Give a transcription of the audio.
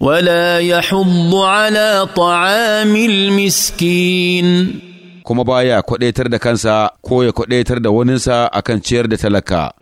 ولا يحض على طعام المسكين kuma baya kwadaitar da kansa ko ya kwadaitar da waninsa akan ciyar da talaka